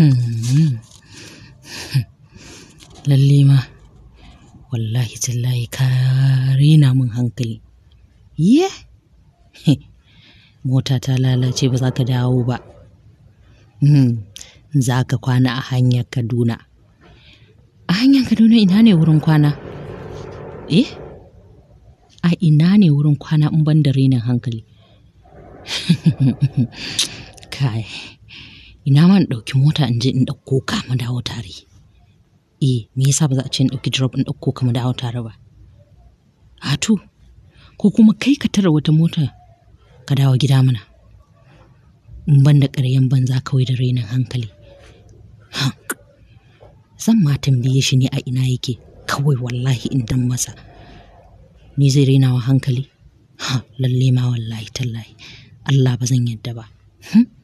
Hmm. Lalle ma, wallahi tallahi ka raina min hankali. Ye! Mota ta lalace ba za ka dawo ba. Hmm. Za ka kwana a hanyar Kaduna. A hanyar Kaduna ina ne wurin kwana? Eh? A ina ne wurin kwana in ban da renin hankali? Kai. ina ma in ɗauki mota in je in ɗauko ka mu dawo tare eh me yasa ba za a ce in ɗauki drop in ɗauko ka mu dawo tare ba hatu ko kuma kai ka tara wata mota ka dawo gida mana in ban da ƙaryan banza kawai da rainin hankali zan ma tambaye shi ne a ina yake kawai wallahi in dan masa ni zai rainawa hankali ha lalle ma wallahi tallahi Allah ba zan yadda ba hmm?